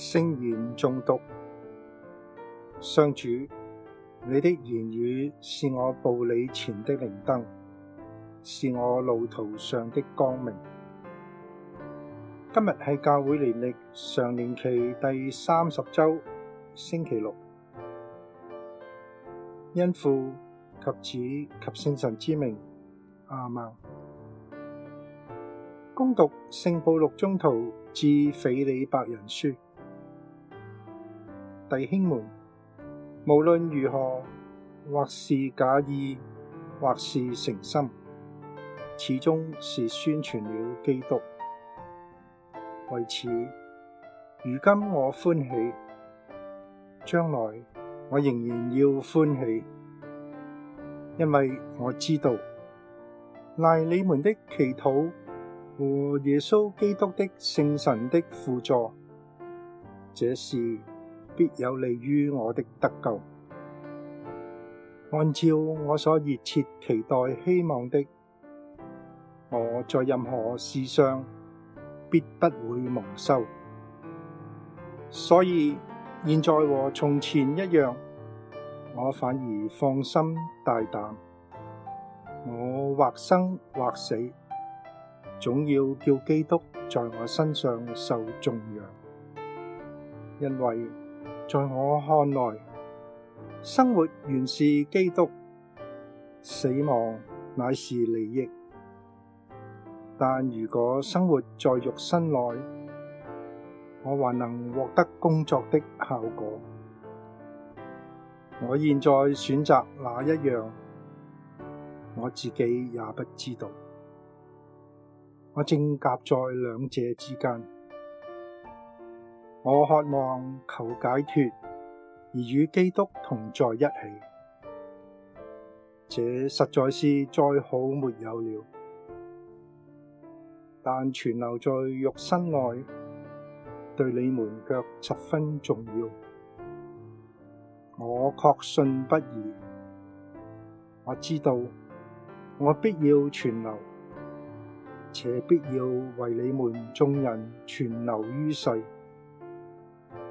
聖言誦讀，上主，你的言語是我步履前的靈燈，是我路途上的光明。今日係教會年曆常年期第三十周星期六，因父及子及聖神之名阿們。恭讀聖保祿宗徒致斐理伯人書。弟兄們，無論如何，或是假意，或是誠心，始終是宣傳了基督。為此，如今我歡喜，將來我仍然要歡喜，因為我知道賴你們的祈禱和耶穌基督的聖神的輔助，這是。必有利於我的得救。按照我所熱切期待希望的，我在任何事上必不會蒙羞。所以現在和從前一樣，我反而放心大膽。我或生或死，總要叫基督在我身上受頌揚，因為。在我看來，生活原是基督，死亡乃是利益。但如果生活在肉身內，我還能獲得工作的效果。我現在選擇那一樣，我自己也不知道。我正夾在兩者之間。我渴望求解脫，而與基督同在一起，這實在是再好沒有了。但存留在肉身內，對你們卻十分重要。我確信不疑，我知道我必要存留，且必要為你們眾人存留於世。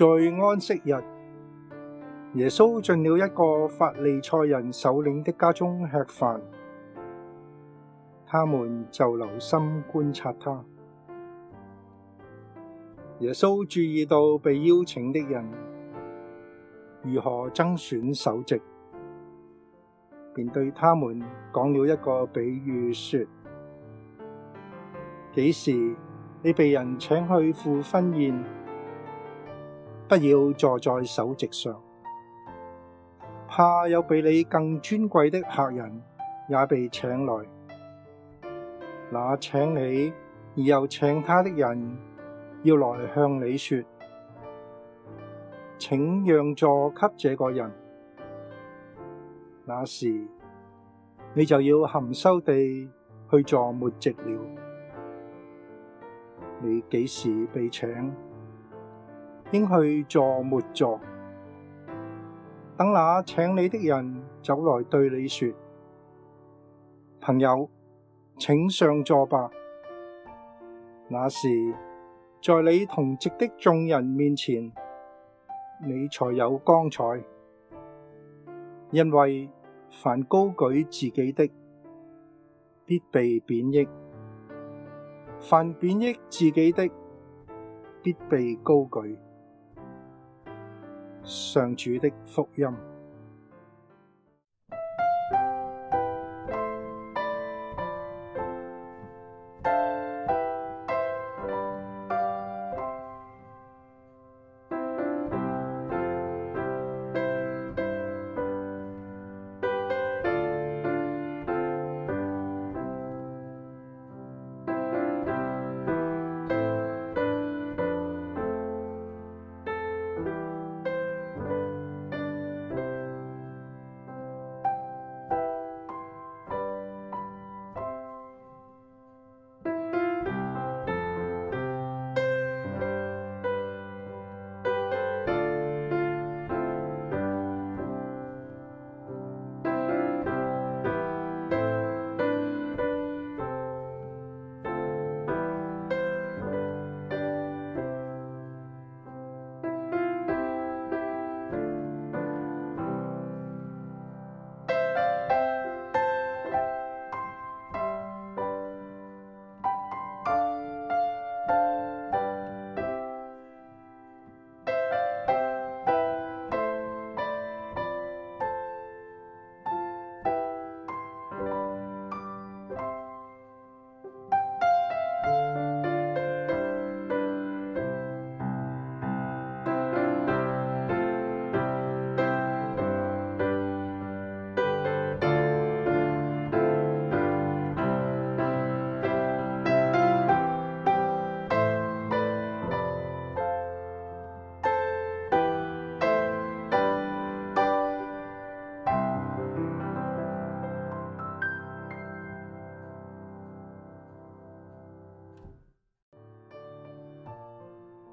在安息日，耶穌進了一個法利賽人首領的家中吃飯，他們就留心觀察他。耶穌注意到被邀請的人，如何爭選首席，便對他們講了一個比喻說：幾時你被人請去赴婚筵，不要坐在首席上，怕有比你更尊貴的客人也被請來。那請你而又請他的人要來向你說，請讓座給這個人。那時你就要含羞地去坐末席了。你幾時被請，應去坐末座，等那請你的人走來對你說：朋友，請上座吧。那時，在你同席的眾人面前，你才有光彩。因為凡高舉自己的，必被貶抑；凡貶抑自己的，必被高舉。上主的福音。